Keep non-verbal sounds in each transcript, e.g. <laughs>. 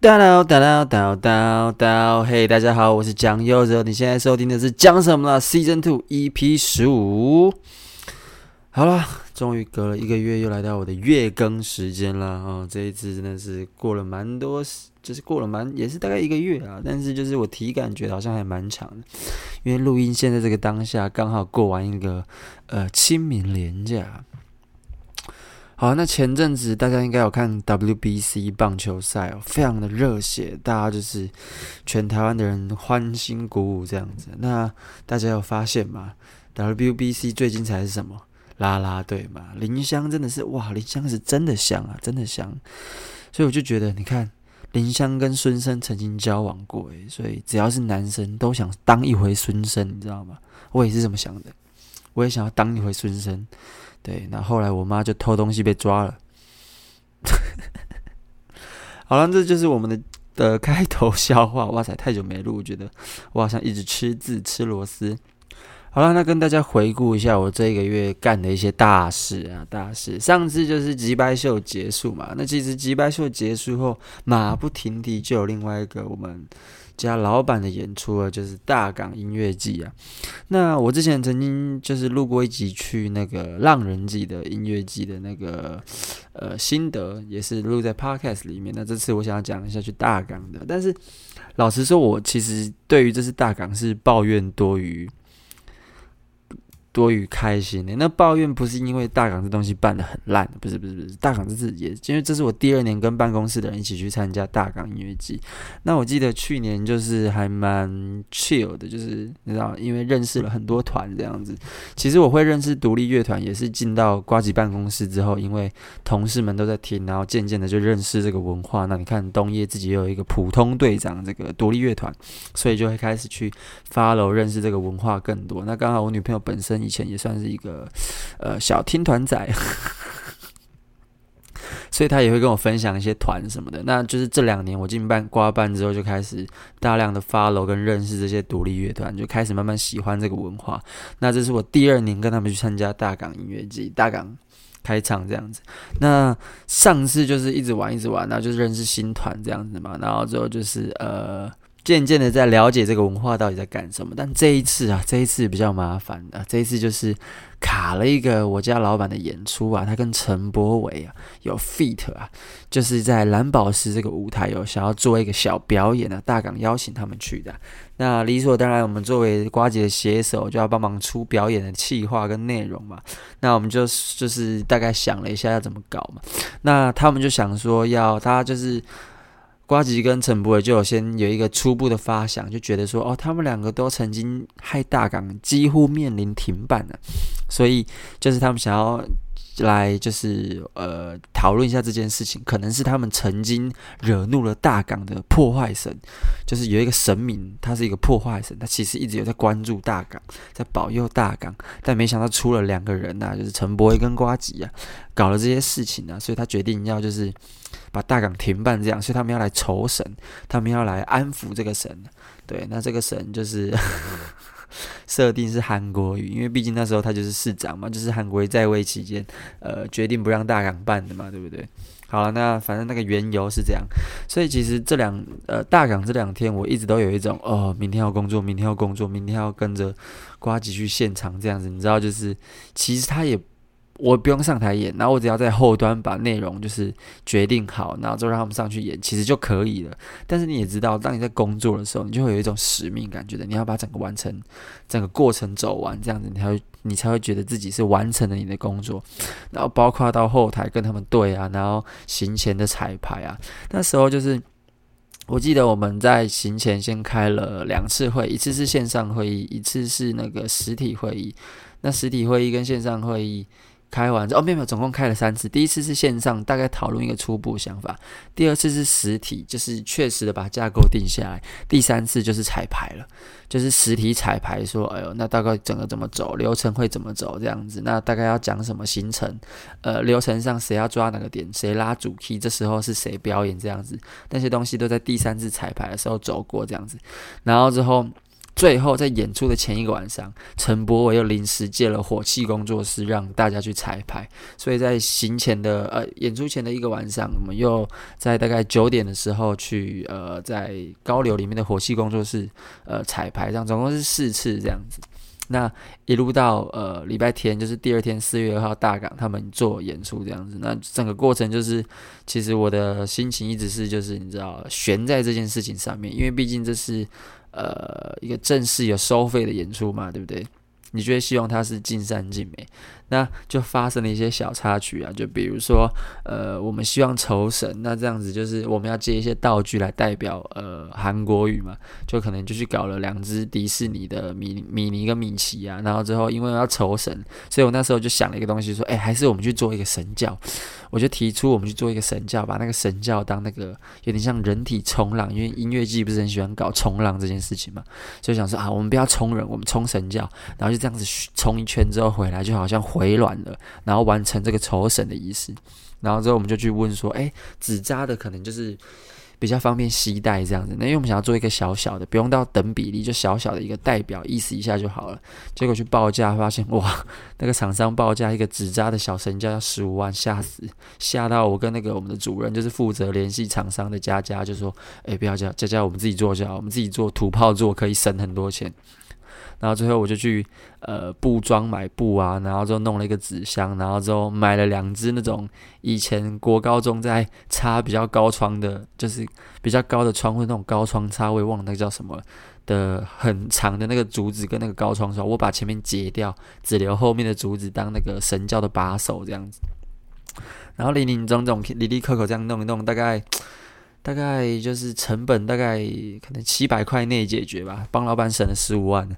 噠啦噠啦噠啦噠！嘿，大家好，我是蔣佑哲，你現在收聽的是《講什麼啦》Season Two EP 十五。好了，終於隔了一個月，又來到我的月更時間了啊、哦！這一次真的是過了蠻多，就是過了蠻也是大概一個月啊，但是就是我體感覺好像還蠻長的，因為錄音現在這個當下剛好過完一個呃清明連假。好，那前陣子大家應該有看 WBC 棒球賽哦，非常的熱血，大家就是全台灣的人歡欣鼓舞這樣子。那大家有發現嗎？WBC 最精彩是什麼？啦啦隊嘛，林湘真的是哇，林湘是真的香啊，真的香。所以我就覺得，你看林湘跟孫生曾經交往過，誒，所以只要是男生都想當一回孫生，你知道嗎？我也是這麼想的。我也想要當一回孫生，對。那後來我媽就偷東西被抓了。 <laughs> 好了，這就是我們的的、呃、開頭笑話。哇塞，太久沒錄，覺得我好像一直吃字吃螺絲。好了，那跟大家回顧一下我這個月幹的一些大事啊大事。上次就是吉拜秀結束嘛，那其實吉拜秀結束後，馬不停蹄就有另外一個我們家老闆的演出啊，就是大港音樂祭啊。那我之前曾經就是錄過一集去那個浪人祭的音樂祭的那個呃心得，也是錄在 podcast 裡面。那這次我想要講一下去大港的，但是老實說，我其實對於這次大港是抱怨多於。多於開心的。那抱怨不是因為大港這東西辦得很爛，不是不是不是，大港這也是，也因為這是我第二年跟辦公室的人一起去參加大港音樂祭。那我記得去年就是還蠻 chill 的，就是你知道因為認識了很多團這樣子。其實我會認識獨立樂團也是進到呱吉辦公室之後，因為同事們都在聽，然後漸漸的就認識這個文化。那你看東夜自己有一個普通隊長這個獨立樂團，所以就會開始去 follow 認識這個文化更多。那剛好我女朋友本身。以前也算是一個呃小聽團仔， <laughs> 所以他也會跟我分享一些團什麼的。那就是這兩年我進班掛班之後，就開始大量的 follow 跟認識這些獨立樂團，就開始慢慢喜歡這個文化。那這是我第二年跟他們去參加大港音樂祭、大港開唱這樣子。那上次就是一直玩一直玩，然後就是認識新團這樣子嘛。然後之後就是呃。漸漸的在了解這個文化到底在幹什麼，但這一次啊，這一次比較麻煩的，這一次就是卡了一個我家老板的演出啊，他跟陳柏偉啊有 feat 啊，就是在藍寶石這個舞台有、哦、想要做一個小表演啊，大港邀請他們去的、啊，那理所當然，我們作為瓜姐的寫手就要幫忙出表演的企劃跟內容嘛，那我們就就是大概想了一下要怎麼搞嘛，那他們就想說要他就是。瓜吉跟陳柏惟就有先有一個初步的發想，就覺得說，哦，他們兩個都曾經害大港幾乎面臨停辦了，啊，所以就是他們想要來就是呃討論一下這件事情，可能是他們曾經惹怒了大港的破壞神，就是有一個神明，他是一個破壞神，他其實一直有在關注大港，在保佑大港，但沒想到出了兩個人吶，啊，就是陳柏惟跟呱吉啊，搞了這些事情啊，所以他決定要就是。把大港停辦這樣，所以他們要來酬神，他們要來安撫這個神。對，那這個神就是設 <laughs> 定是韓國瑜，因為畢竟那時候他就是市長嘛，就是韓國瑜在位期間，呃，決定不讓大港辦的嘛，對不對？好，那反正那個緣由是這樣，所以其實這兩呃大港這兩天我一直都有一種哦，明天要工作，明天要工作，明天要跟着呱吉去現場這樣子，你知道就是其實他也。我不用上台演，然後我只要在後端把內容就是決定好，然後就讓他們上去演，其實就可以了。但是你也知道，當你在工作的時候，你就會有一種使命感覺的，你要把整個完成，整個過程走完，這樣子你才會你才會覺得自己是完成了你的工作。然後包括到後台跟他們對啊，然後行前的彩排啊，那時候就是我記得我們在行前先開了兩次會，一次是線上會議，一次是那個實體會議。那實體會議跟線上會議。開完哦，後面總共開了三次。第一次是線上，大概討論一個初步想法；第二次是實體，就是確實的把架構定下來；第三次就是彩排了，就是實體彩排說，說哎呦，那大概整個怎麼走，流程會怎麼走這樣子。那大概要講什麼行程，呃，流程上誰要抓哪個點，誰拉主 key，這時候是誰表演這樣子，那些東西都在第三次彩排的時候走過這樣子。然後之後。最後，在演出的前一個晚上，陳柏偉又臨時借了火器工作室讓大家去彩排，所以在行前的呃演出前的一個晚上，我們又在大概九點的時候去呃在高流裡面的火器工作室呃彩排，這樣總共是四次這樣子。那一路到呃禮拜天，就是第二天四月二號大港他們做演出這樣子。那整個過程就是，其實我的心情一直是就是你知道懸在這件事情上面，因為畢竟這是。呃，一個正式有收費的演出嘛，對不對？你就會希望它是盡善盡美。那就發生了一些小插曲啊，就比如說，呃，我們希望酬神，那這樣子就是我們要借一些道具來代表，呃，韓國語嘛，就可能就去搞了兩隻迪士尼的米米妮跟米奇啊，然後之後因為要酬神，所以我那時候就想了一個東西，說，哎、欸，還是我們去做一個神轎，我就提出我們去做一個神轎，把那個神轎當那個有點像人體衝浪，因為音樂祭不是很喜歡搞衝浪這件事情嘛，就想說啊，我們不要衝人，我們衝神轎，然後就這樣子衝一圈之後回來，就好像。回鑾了，然後完成這個酬神的儀式，然後之後我們就去問說，誒，紙紮的可能就是比較方便攜帶這樣子，那因為我們想要做一個小小的，不用到等比例，就小小的一個代表意思一下就好了。結果去報價發現，哇，那個廠商報價一個紙紮的小神要十五萬，嚇死，嚇到我跟那個我們的主人就是負責聯繫廠商的佳佳，就說，誒，不要叫佳佳，我們自己做就好，我們自己做土炮做可以省很多錢。然後最後我就去呃布莊買布啊，然後就弄了一個紙箱，然後就買了兩隻那種以前國高中在擦比較高窗的，就是比較高的窗戶那種高窗擦，我也忘了那個叫什麼了的，很長的那個竹子跟那個高窗刷，我把前面截掉，只留後面的竹子當那個神教的把手這樣子，然後林林總總，利利可可這樣弄一弄，大概。大概就是成本大概可能七百塊內解決吧，幫老板省了十五萬，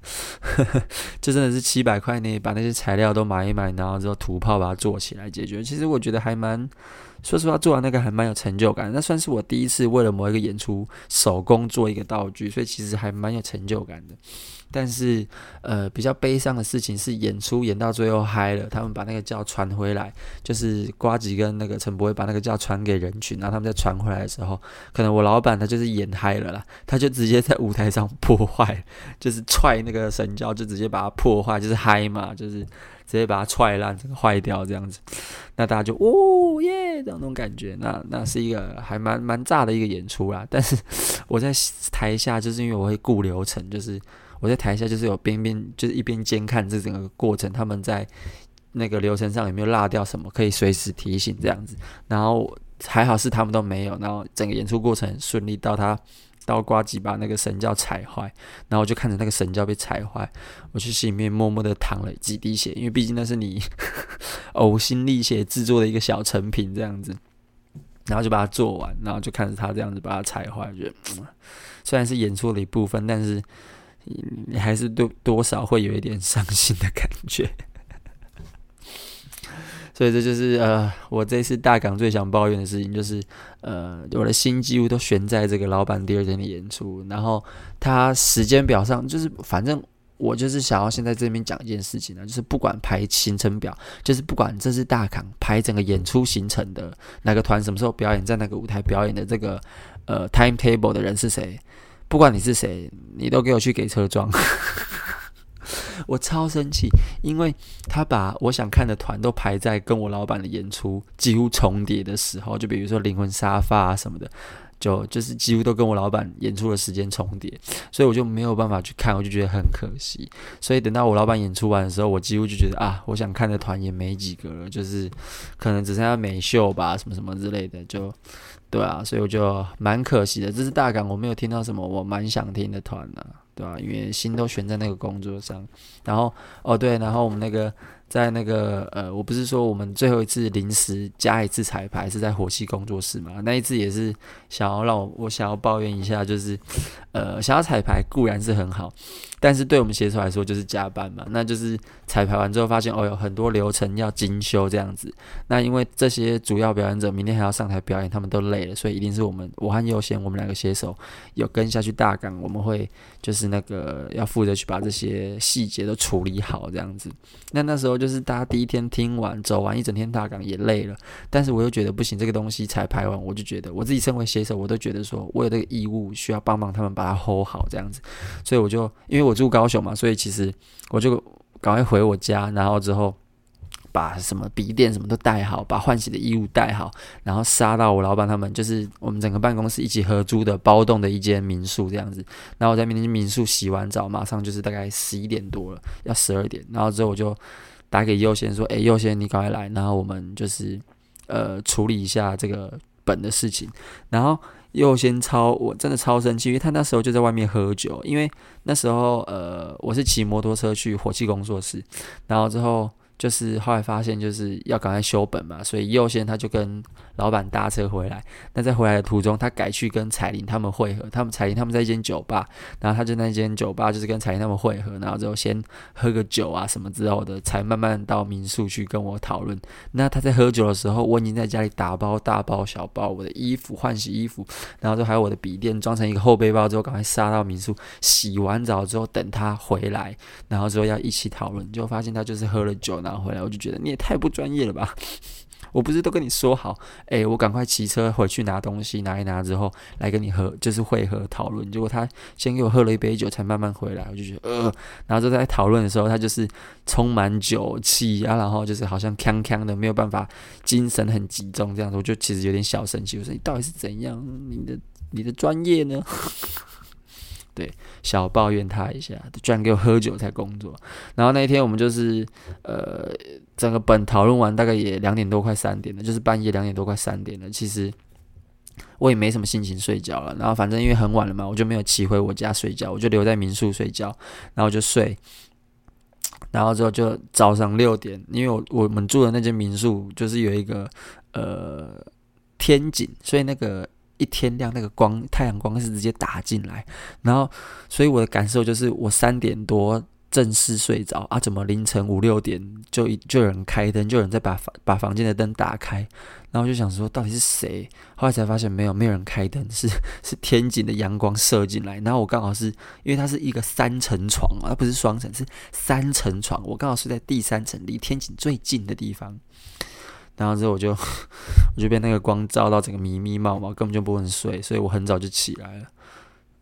呵呵，這真的是七百塊內把那些材料都買一買，然後之後土炮把它做起來解決。其實我覺得還蠻，說實話，做完那個還蠻有成就感。那算是我第一次為了某一個演出手工做一個道具，所以其實還蠻有成就感的。但是，呃，比較悲傷的事情是，演出演到最後嗨了，他們把那個叫傳回來，就是呱吉跟那個陳柏惟把那個叫傳給人群，然後他們再傳回來的時候，可能我老板他就是演嗨了啦，他就直接在舞台上破壞，就是踹那個神教，就直接把它破壞，就是嗨嘛，就是直接把它踹爛，整個壞掉這樣子。那大家就哦耶，yeah, 這種感覺，那那是一個還蠻蠻炸的一個演出啦。但是我在台下，就是因為我會顧流程，就是。我在台下就是有邊邊，就是一邊監看這整個過程，他們在那個流程上有沒有落掉什麼，可以隨時提醒這樣子。然後還好是他們都沒有，然後整個演出過程順利到他到呱吉把那個神轎踩壞，然後我就看着那個神轎被踩壞，我去心裡面默默的淌了幾滴血，因為畢竟那是你 <laughs> 嘔心瀝血製作的一個小成品這樣子，然後就把它做完，然後就看着他這樣子把它踩壞，就、嗯、雖然是演出的一部分，但是。你還是多多少會有一點傷心的感覺， <laughs> 所以這就是呃，我這次大港最想抱怨的事情，就是呃，我的心幾乎都懸在這個老闆第二天的演出，然後他時間表上就是，反正我就是想要先在這邊講一件事情呢，就是不管排行程表，就是不管這次大港排整個演出行程的哪、那個團什麼時候表演，在哪個舞台表演的這個呃 timetable 的人是誰？不管你是誰，你都給我去給車撞。 <laughs> 我超生氣，因為他把我想看的團都排在跟我老板的演出幾乎重疊的時候，就比如說靈魂沙发啊什麼的，就就是幾乎都跟我老板演出的時間重疊，所以我就沒有辦法去看，我就覺得很可惜。所以等到我老板演出完的時候，我幾乎就覺得啊，我想看的團也沒幾個了，就是可能只剩下美秀吧，什麼什麼之類的就。對啊，所以我就蠻可惜的。這次大港，我沒有聽到什麼我蠻想聽的團啊，對吧？因為心都懸在那個工作上。然後，哦對，然後我們那個。在那個呃，我不是說我們最後一次臨時加一次彩排，是在火戲工作室嘛。那一次也是想要讓我，我想要抱怨一下，就是呃，想要彩排固然是很好，但是對我們寫手來說就是加班嘛。那就是彩排完之後發現哦，有很多流程要精修這樣子。那因為這些主要表演者明天還要上台表演，他們都累了，所以一定是我們，我和優先我們兩個寫手有跟下去大港，我們會就是那個要負責去把這些細節都處理好這樣子。那那時候。就是大家第一天聽完走完一整天，大港也累了，但是我又覺得不行，這個東西彩排完，我就覺得我自己身為寫手，我都覺得說我有這個義務需要幫忙他們把它吼好這樣子，所以我就因為我住高雄嘛，所以其實我就趕快回我家，然後之後把什麼筆電什麼都帶好，把換洗的衣物帶好，然後殺到我老板他們就是我們整個辦公室一起合租的包棟的一間民宿這樣子，然後我在明天民宿洗完澡，馬上就是大概十一點多了，要十二點，然後之後我就。打給優先說：“哎，優先，你趕快來，然後我們就是呃處理一下這個本的事情。”然後優先超，我真的超生氣，因為他那時候就在外面喝酒，因為那時候呃我是騎摩托車去火器工作室，然後之後。就是後來發現就是要趕快修本嘛，所以右先他就跟老闆搭車回來。那在回來的途中，他改去跟彩玲他們會合。他們彩玲他們在一間酒吧，然後他就在那間酒吧就是跟彩玲他們會合，然後之後先喝個酒啊什麼之後的，才慢慢到民宿去跟我討論。那他在喝酒的時候，我已經在家裡打包大包小包我的衣服、換洗衣服，然後之後還有我的筆電裝成一個後背包之後，趕快殺到民宿。洗完澡之後等他回來，然後之後要一起討論，就發現他就是喝了酒，然後。拿回來，我就覺得你也太不專業了吧！ <laughs> 我不是都跟你說好，誒、欸，我趕快騎車回去拿東西，拿一拿之後來跟你喝，就是會合討論。結果他先給我喝了一杯酒，才慢慢回來。我就覺得呃，然後就在討論的時候，他就是充滿酒氣啊，然後就是好像嗆嗆的，沒有辦法精神很集中這樣子。我就其實有點小生氣，我說你到底是怎樣？你的你的專業呢？ <laughs> 對，小抱怨他一下，居然給我喝酒才工作。然後那一天我們就是，呃，整個本討論完，大概也兩點多，快三點了，就是半夜兩點多，快三點了。其實我也沒什麼心情睡覺了。然後反正因為很晚了嘛，我就沒有騎回我家睡覺，我就留在民宿睡覺，然後就睡。然後之後就早上六點，因為我我們住的那間民宿就是有一個呃天井，所以那個。一天亮，那個光太陽光是直接打進來，然後所以我的感受就是，我三點多正式睡着啊，怎麼凌晨五六點就就有人開燈，就有人在把把房間的燈打開，然後就想說到底是誰，後來才發現沒有，沒有人開燈，是是天井的陽光射進來，然後我剛好是因為它是一個三層床，而不是雙層，是三層床，我剛好是在第三層，離天井最近的地方。然後之後我就我就被那個光照到整個迷迷茫茫，根本就不能睡，所以我很早就起來了，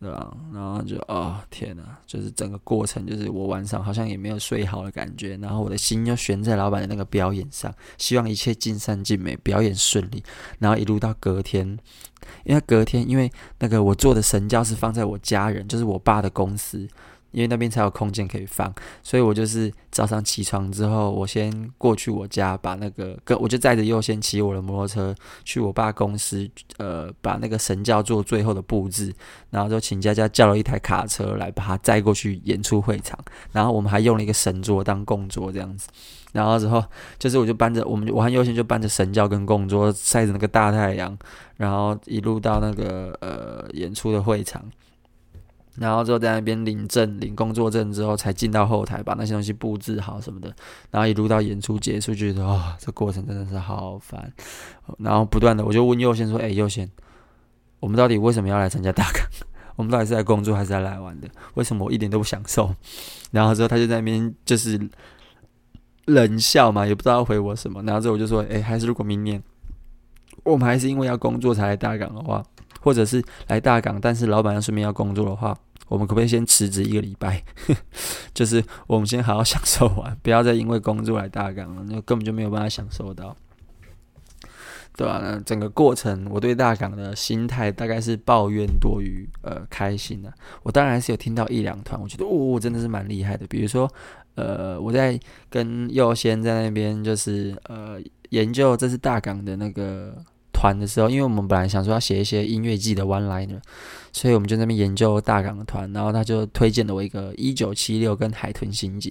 對吧？然後就啊、哦，天哪，就是整個過程，就是我晚上好像也沒有睡好的感覺，然後我的心又懸在老板的那個表演上，希望一切盡善盡美，表演順利。然後一路到隔天，因為隔天因為那個我做的神教，是放在我家人，就是我爸的公司。因為那邊才有空間可以放，所以我就是早上起床之後，我先過去我家，把那個跟我就載着優先騎我的摩托車去我爸公司，呃，把那個神轎做最後的布置，然後就請佳佳叫了一台卡車來把它載過去演出會場，然後我們還用了一個神桌當供桌這樣子，然後之後就是我就搬着我們我和優先就搬着神轎跟供桌曬着那個大太陽，然後一路到那個呃演出的會場。然後之後在那邊領證、領工作證之後，才進到後台把那些東西布置好什麼的。然後一路到演出結束，覺得哦，這過程真的是好煩。然後不斷的我就問佑賢說：“哎，佑賢，我們到底為什麼要來參加大港？我們到底是在工作還是來，來玩的？為什麼我一點都不享受？”然後之後他就在那邊就是冷笑嘛，也不知道要回我什麼。然後之後我就說：“哎，還是如果明年我們還是因為要工作才來大港的話。”或者是來大港，但是老闆要順便要工作的話，我們可不可以先辭職一個禮拜？ <laughs> 就是我們先好好享受完，不要再因為工作來大港了，那根本就沒有辦法享受到，對吧、啊？那整個過程，我對大港的心態大概是抱怨多於呃開心的、啊。我當然是有聽到一兩團，我覺得哦，哦，真的是蠻厲害的。比如說，呃，我在跟佑先在那邊，就是呃研究，這是大港的那個。團的時候，因為我們本來想說要寫一些音樂劇的 one liner，所以我們就那邊研究大港的團，然後他就推薦了我一個一九七六跟海豚刑警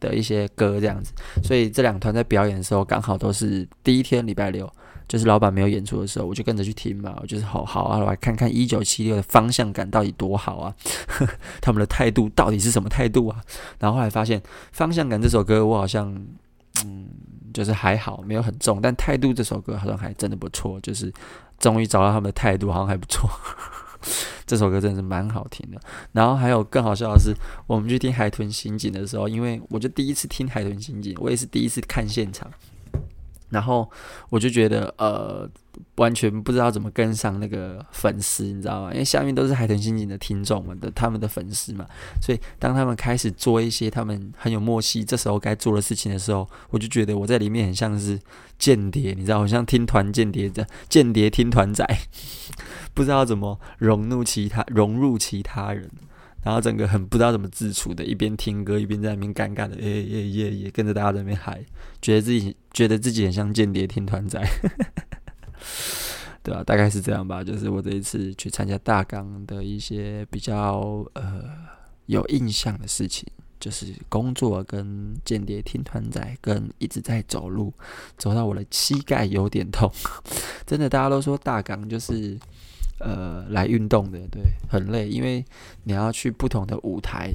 的一些歌這樣子，所以這兩團在表演的時候剛好都是第一天禮拜六，就是老板沒有演出的時候，我就跟着去聽嘛，我就是好、哦、好啊，來看看一九七六的方向感到底多好啊呵呵，他們的態度到底是什麼態度啊，然後後來發現《方向感》這首歌我好像。嗯，就是還好，沒有很重。但態度這首歌好像還真的不錯，就是終於找到他們的態度，好像還不錯。 <laughs> 這首歌真的是蠻好聽的。然後還有更好笑的是，我們去聽海豚刑警的時候，因為我就第一次聽海豚刑警，我也是第一次看現場。然後我就覺得，呃，完全不知道怎麼跟上那個粉絲，你知道嗎？因為下面都是海豚刑警的聽眾們的，他們的粉絲嘛。所以當他們開始做一些他們很有默契這時候該做的事情的時候，我就覺得我在裡面很像是間諜，你知道，我像聽團間諜的間諜聽團仔， <laughs> 不知道怎麼融入其他融入其他人。然後整個很不知道怎麼自處的，一邊聽歌一邊在那邊尷尬的，也也也也跟着大家在那邊嗨，覺得自己覺得自己很像間諜聽團仔， <laughs> 對吧、啊，大概是這樣吧。就是我這一次去參加大港的一些比較呃有印象的事情，就是工作跟間諜聽團仔，跟一直在走路，走到我的膝蓋有點痛。 <laughs> 真的，大家都說大港就是。呃，來運動的，對，很累，因為你要去不同的舞台，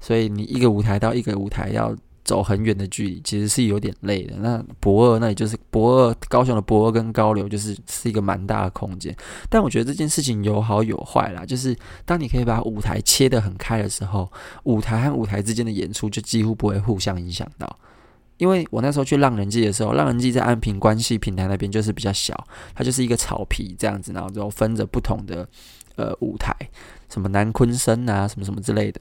所以你一個舞台到一個舞台要走很遠的距離，其實是有點累的。那博二那也就是博二高雄的博二跟高流，就是是一個蠻大的空間。但我覺得這件事情有好有壞啦，就是當你可以把舞台切得很開的時候，舞台和舞台之間的演出就幾乎不會互相影響到。因為我那時候去浪人祭的時候，浪人祭在安平關係平台那邊就是比較小，它就是一個草皮這樣子，然後之後分着不同的呃舞台，什麼南昆生啊，什麼什麼之類的。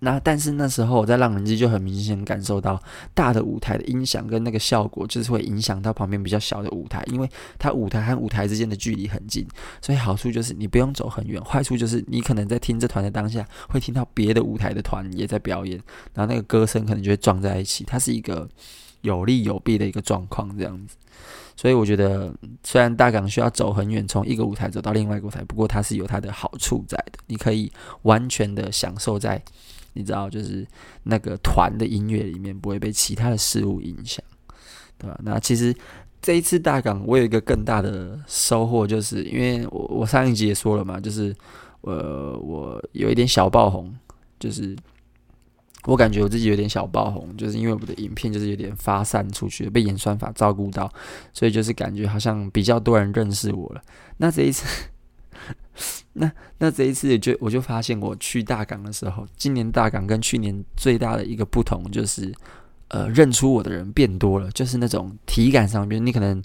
那但是那時候我在浪人祭就很明顯感受到大的舞台的音響跟那個效果就是會影響到旁邊比較小的舞台，因為它舞台和舞台之間的距離很近，所以好處就是你不用走很遠，壞處就是你可能在聽這團的當下會聽到別的舞台的團也在表演，然後那個歌聲可能就會撞在一起，它是一個有利有弊的一個狀況這樣子。所以我覺得雖然大港需要走很遠，從一個舞台走到另外一個舞台，不過它是有它的好處在的，你可以完全的享受在。你知道，就是那個團的音樂裡面不會被其他的事物影響，對吧？那其實這一次大港，我有一個更大的收穫，就是因為我我上一集也說了嘛，就是呃我有一點小爆紅，就是我感覺我自己有點小爆紅，就是因為我的影片就是有點發散出去，被演算法照顧到，所以就是感覺好像比較多人認識我了。那這一次。 <laughs> 那那這一次我就我就發現，我去大港的時候，今年大港跟去年最大的一個不同就是，呃，認出我的人變多了。就是那種體感上面，你可能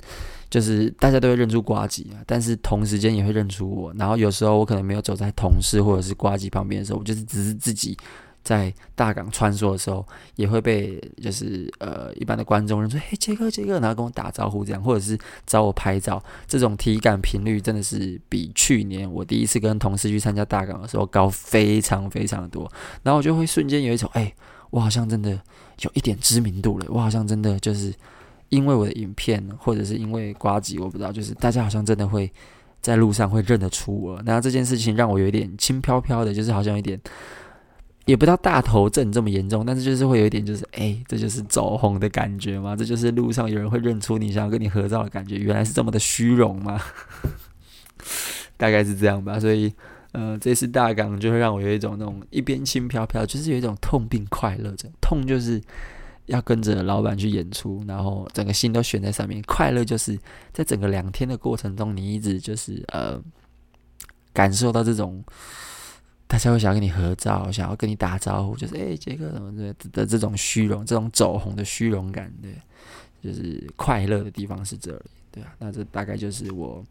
就是大家都會認出呱吉啊，但是同時間也會認出我。然後有時候我可能沒有走在同事或者是呱吉旁邊的時候，我就是只是自己。在大港穿梭的時候，也會被就是呃一般的觀眾認出，嘿，傑哥，傑哥，然後跟我打招呼，這樣，或者是找我拍照，這種體感頻率真的是比去年我第一次跟同事去參加大港的時候高非常非常多。然後我就會瞬間有一種，哎，我好像真的有一點知名度了，我好像真的就是因為我的影片，或者是因為呱吉，我不知道，就是大家好像真的會在路上會認得出我。然後這件事情讓我有一點輕飄飄的，就是好像有一點。也不知道大頭症這麼嚴重，但是就是會有一點，就是誒、欸，這就是走紅的感覺嗎？這就是路上有人會認出你，想要跟你合照的感覺，原來是這麼的虛榮嗎？ <laughs> 大概是這樣吧。所以，呃，這次大港就會讓我有一種那種一邊輕飄飄，就是有一種痛並快樂着。痛就是要跟着老板去演出，然後整個心都懸在上面；快樂就是在整個兩天的過程中，你一直就是呃感受到這種。他才會想要跟你合照，想要跟你打招呼，就是哎，傑克怎麼的的這種虛榮，這種走紅的虛榮感，對，就是快樂的地方是這裡，對啊，那這大概就是我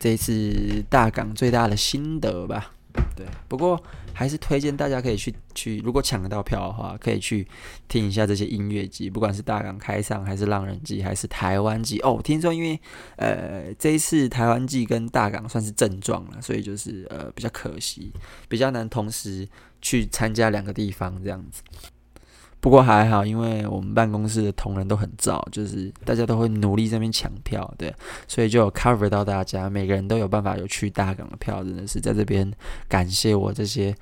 這一次大港最大的心得吧。對，不過還是推薦大家可以去去，如果搶得到票的話，可以去聽一下這些音樂祭，不管是大港開唱，還是浪人祭，還是台灣祭。哦，聽說因為呃這一次台灣祭跟大港算是正撞了，所以就是呃比較可惜，比較難同時去參加兩個地方這樣子。不過還好，因為我們辦公室的同仁都很罩，就是大家都會努力這邊搶票，對，所以就有 cover 到大家，每個人都有辦法有去大港的票，真的是在這邊感謝我這些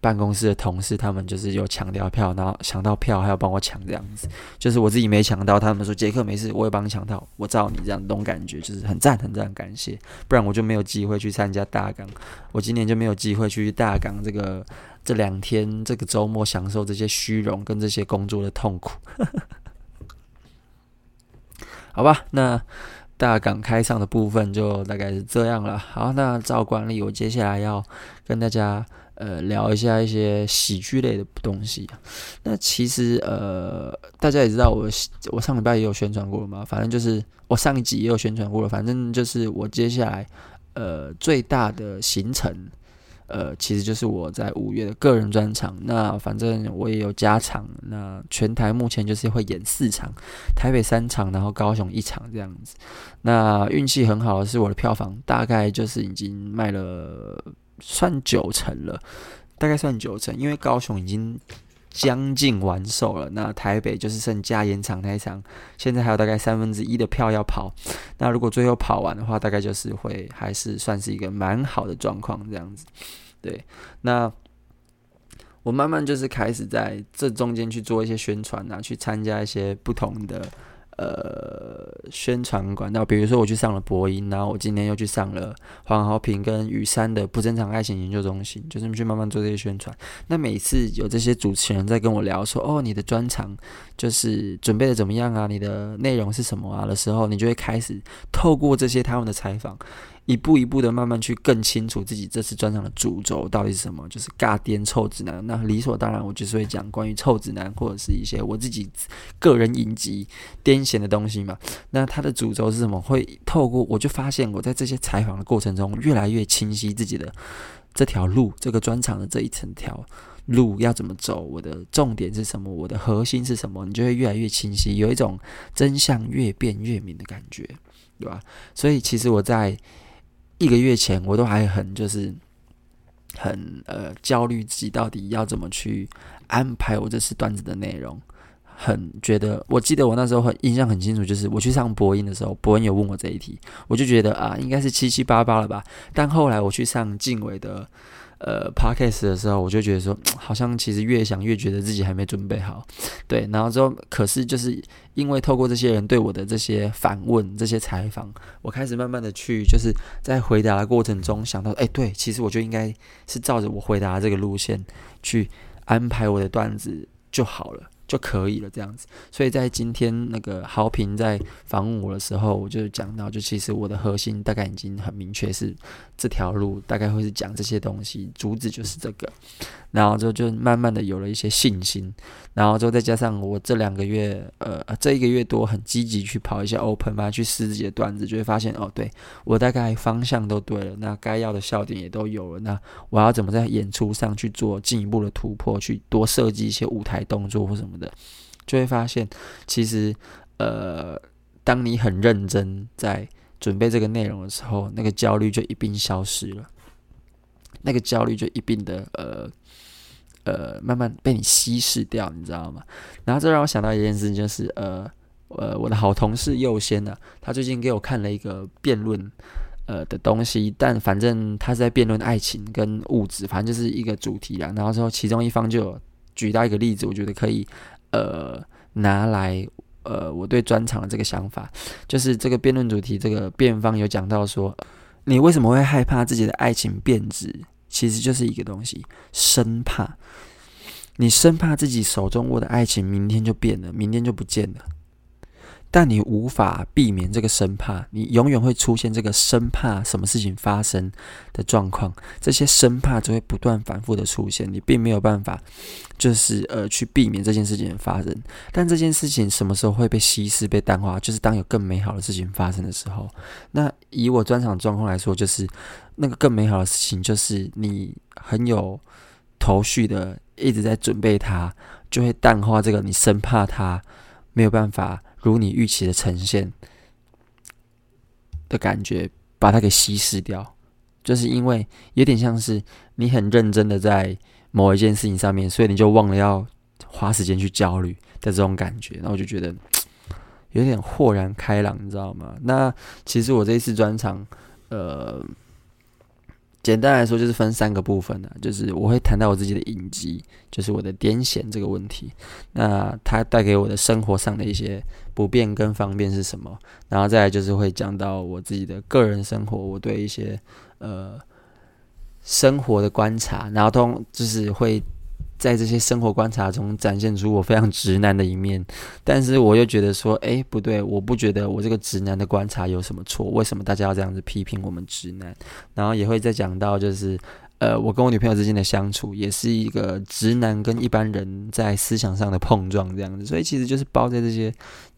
辦公室的同事，他們就是有搶到票，然後搶到票還要幫我搶這樣子，就是我自己沒搶到，他們說傑克沒事，我也幫你搶到我，我罩你這樣，這種感覺就是很讚，很讚，感謝，不然我就沒有機會去參加大港，我今年就沒有機會去大港這個。這兩天這個週末享受這些虛榮跟這些工作的痛苦， <laughs> 好吧？那大港開唱的部分就大概是這樣了。好，那照慣例，我接下來要跟大家呃聊一下一些喜劇類的東西。那其實呃，大家也知道我，我我上禮拜也有宣傳過了嘛。反正就是我上一集也有宣傳過了。反正就是我接下來呃最大的行程。呃，其實就是我在五月的個人專場。那反正我也有加場。那全台目前就是會演四場，台北三場，然後高雄一場這樣子。那運氣很好的是，我的票房大概就是已經賣了，算九成了，大概算九成，因為高雄已經。將近完售了，那台北就是剩加延長那一場，現在還有大概三分之一的票要跑。那如果最後跑完的話，大概就是會還是算是一個蠻好的狀況這樣子。對，那我慢慢就是開始在這中間去做一些宣傳啊，去參加一些不同的。呃，宣傳管道，比如說我去上了播音，然後我今天又去上了黃豪平跟雨山的不正常愛情研究中心，就這、是、麼去慢慢做這些宣傳。那每次有這些主持人在跟我聊說，哦，你的專場就是準備的怎麼樣啊？你的內容是什麼啊？的時候，你就會開始透過這些他們的採訪，一步一步的慢慢去更清楚自己這次專場的主軸到底是什麼，就是尬顛臭指南。那理所當然，我就是會講關於臭指南或者是一些我自己個人隱疾、癲癇的東西嘛。那它的主軸是什麼？會透過我就發現我在這些採訪的過程中，越來越清晰自己的這條路，這個專場的這一層條路要怎麼走，我的重點是什麼，我的核心是什麼，你就會越來越清晰，有一種真相越辯越明的感覺，對吧？所以其實我在。一個月前，我都還很就是很呃焦慮，自己到底要怎麼去安排我這次段子的內容。很覺得，我記得我那時候很印象很清楚，就是我去上博恩的時候，博恩有問我這一題，我就覺得啊，應該是七七八八了吧。但後來我去上敬偉的。呃 Podcast 的時候，我就覺得說，好像其實越想越覺得自己還沒準備好，對。然後之後，可是就是因為透過這些人對我的這些反問、這些採訪，我開始慢慢的去，就是在回答的過程中想到，哎，對，其實我就應該是照着我回答的這個路線去安排我的段子就好了。就可以了，這樣子。所以在今天那個豪平在訪問我的時候，我就講到，就其實我的核心大概已經很明確，是這條路大概會是講這些東西，主旨就是這個，然後就就慢慢的有了一些信心。然後就再加上我這兩個月，呃，這一個月多很積極去跑一些 open 嘛，去試自己的段子，就會發現哦，對我大概方向都對了，那該要的笑點也都有了，那我要怎麼在演出上去做進一步的突破，去多設計一些舞台動作或什麼的，就會發現，其實，呃，當你很認真在準備這個內容的時候，那個焦慮就一併消失了，那個焦慮就一併的呃。呃，慢慢被你稀釋掉，你知道嗎？然後這讓我想到一件事，就是呃，呃，我的好同事右先呢、啊，他最近給我看了一個辯論呃的東西，但反正他是在辯論愛情跟物質，反正就是一個主題啊。然後說其中一方就有舉到一個例子，我覺得可以呃拿來呃我對專場的這個想法，就是這個辯論主題，這個辯方有講到說，你為什麼會害怕自己的愛情變質？其實就是一個東西，生怕你生怕自己手中握的愛情，明天就變了，明天就不見了。但你無法避免這個生怕，你永遠會出現這個生怕什麼事情發生的狀況。這些生怕只會不斷反覆的出現，你並沒有辦法，就是呃去避免這件事情的發生。但這件事情什麼時候會被稀釋、被淡化？就是當有更美好的事情發生的時候。那以我專場狀況來說，就是那個更美好的事情，就是你很有頭緒的一直在準備它，就會淡化這個你生怕它沒有辦法。如你預期的呈現的感覺，把它給稀釋掉，就是因為有點像是你很認真的在某一件事情上面，所以你就忘了要花時間去焦慮的這種感覺。那我就覺得有點豁然開朗，你知道嗎？那其實我這一次專場，呃。簡單來說，就是分三個部分的，就是我會談到我自己的隱疾，就是我的癲癇這個問題，那它帶給我的生活上的一些不便跟方便是什麼，然後再來就是會講到我自己的個人生活，我對一些呃生活的觀察，然後通就是會。在這些生活觀察中展現出我非常直男的一面，但是我又覺得說，誒、欸，不對，我不覺得我這個直男的觀察有什麼錯，為什麼大家要這樣子批評我們直男？然後也會再講到就是，呃，我跟我女朋友之間的相處，也是一個直男跟一般人在思想上的碰撞這樣子，所以其實就是包在這些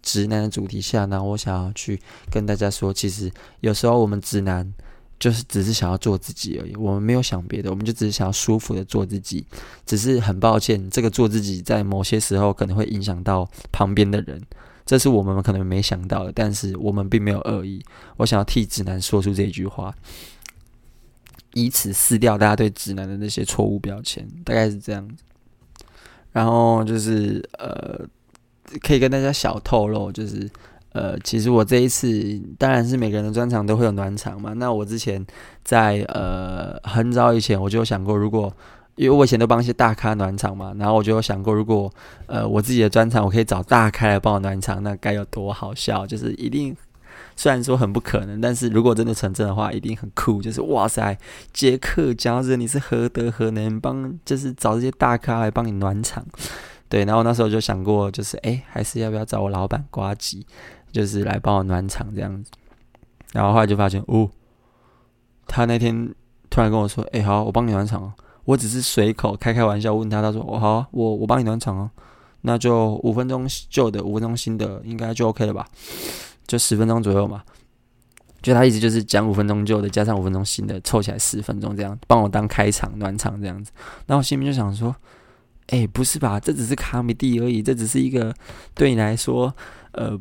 直男的主題下，然後我想要去跟大家說，其實有時候我們直男。就是只是想要做自己而已，我們沒有想別的，我們就只是想要舒服的做自己。只是很抱歉，這個做自己在某些時候可能會影響到旁邊的人，這是我們可能沒想到的，但是我們並沒有惡意。我想要替直男說出這句話，以此撕掉大家對直男的那些錯誤標籤，大概是這樣子。然後就是呃，可以跟大家小透露，就是。呃，其實我這一次當然是每個人的專場都會有暖場嘛。那我之前在呃，很早以前我就想過，如果因為我以前都幫一些大咖暖場嘛，然後我就有想過，如果呃我自己的專場，我可以找大咖來幫我暖場，那該有多好笑！就是一定，雖然說很不可能，但是如果真的成真的，的話，一定很酷。就是哇塞，傑克，假如你是何德何能幫，就是找這些大咖來幫你暖場？對，然後那時候就想過，就是哎，還是要不要找我老闆呱吉？就是來幫我暖場這樣子，然後後來就發現，哦，他那天突然跟我說，哎、欸，好，我幫你暖場哦。我只是隨口開開玩笑問他，他說，哦，好，我我幫你暖場哦。那就五分鐘舊的，五分鐘新的，應該就 OK 了吧？就十分鐘左右嘛。就他一直就是講五分鐘舊的，加上五分鐘新的，湊起來十分鐘這樣，幫我當開場暖場這樣子。然後我心裡面就想說，哎、欸，不是吧？這只是卡米地而已，這只是一個對你來說，呃。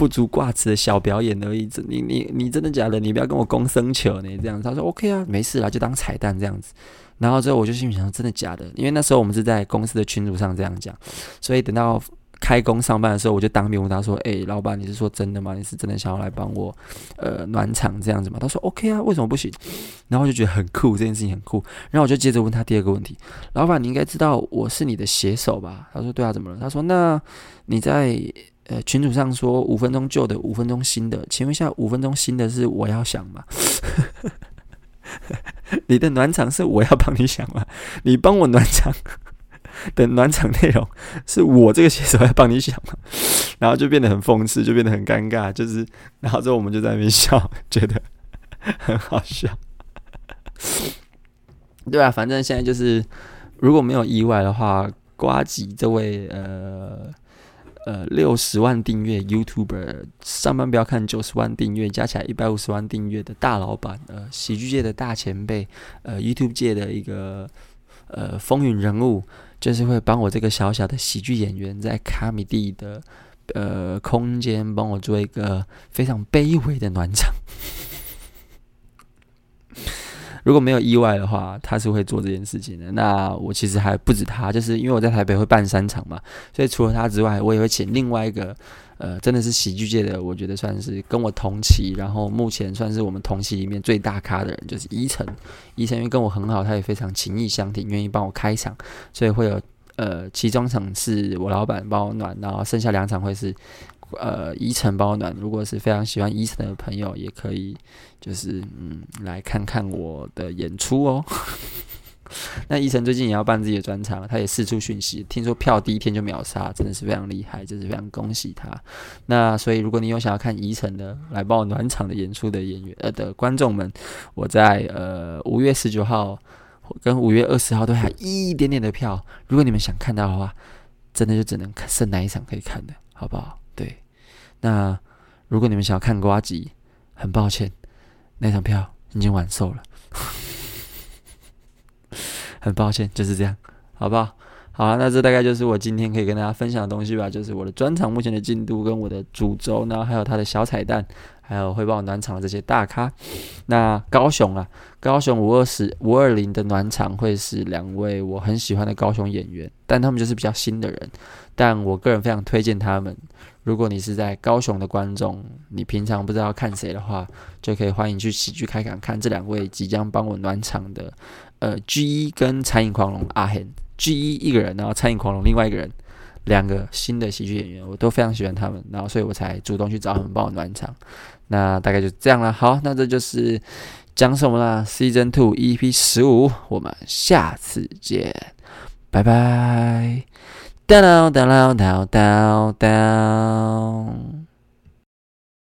不足掛齒的小表演而已，你你你真的假的？你不要跟我攻生求呢，這樣子。子他說 OK 啊，沒事啦，就當彩蛋這樣子。然後之後我就心裡想，真的假的？因為那時候我們是在公司的群組上這樣講，所以等到開工上班的時候，我就當面問他說：“誒、欸，老板，你是說真的嗎？你是真的想要來幫我呃暖場這樣子嗎？”他說 OK 啊，為什麼不行？然後我就覺得很酷，這件事情很酷。然後我就接着問他第二個問題：“老板，你應該知道我是你的寫手吧？”他說：“對啊，怎麼了？”他說：“那你在？”呃，群主上說五分鐘舊的，五分鐘新的，請問一下，五分鐘新的是我要想嗎？ <laughs> 你的暖場是我要幫你想嗎？你幫我暖場，的暖場內容是我這個寫手要幫你想嗎？然後就變得很諷刺，就變得很尷尬，就是然後之後我們就在那邊笑，覺得很好笑。 <laughs> 對啊，反正現在就是如果沒有意外的話，呱吉這位呃。呃，六十萬訂閱 YouTuber，上班，不要看九十萬訂閱，加起來一百五十萬訂閱的大老板，呃，喜劇界的大前輩，呃，YouTube 界的一個呃風雲人物，就是會幫我這個小小的喜劇演員在卡米蒂的呃空間幫我做一個非常卑微的暖場。如果沒有意外的話，他是會做這件事情的。那我其實還不止他，就是因為我在台北會辦三場嘛，所以除了他之外，我也會請另外一個，呃，真的是喜劇界的，我覺得算是跟我同期，然後目前算是我們同期裡面最大咖的人，就是伊晨。伊晨因為跟我很好，他也非常情義相挺，願意幫我開場，所以會有呃其中一場是我老闆幫我暖，然後剩下兩場會是。呃，伊誠保暖，如果是非常喜歡伊層的朋友，也可以就是嗯來看看我的演出哦。 <laughs> 那伊誠最近也要辦自己的專場，他也四處訊息，聽說票第一天就秒殺，真的是非常厲害，真的是非常恭喜他。那所以，如果你有想要看伊層的來幫我暖場的演出的演員呃的觀眾們，我在呃五月十九號跟五月二十號都還有一點點的票，如果你們想看到的話，真的就只能看剩哪一場可以看的，好不好？那如果你們想要看呱吉，很抱歉，那場票已經完售了。 <laughs> 很抱歉，就是這樣，好不好？好啊，那這大概就是我今天可以跟大家分享的東西吧，就是我的專場目前的進度跟我的主軸呢，然後還有他的小彩蛋。還有會幫我暖場的這些大咖，那高雄啊，高雄五二零、五二零的暖場會是兩位我很喜歡的高雄演員，但他們就是比較新的人，但我個人非常推薦他們。如果你是在高雄的觀眾，你平常不知道看誰的話，就可以歡迎去喜劇開港看這兩位即將幫我暖場的，呃，G 一跟餐飲狂龍阿 hen，G 一一個人，然後餐飲狂龍另外一個人。兩個新的喜劇演員，我都非常喜歡他們，然後所以我才主動去找他們幫我暖場。那大概就這樣了。好，那這就是蔣什麼啦？Season 2 EP 十五，我們下次見，拜拜。當當當當當當當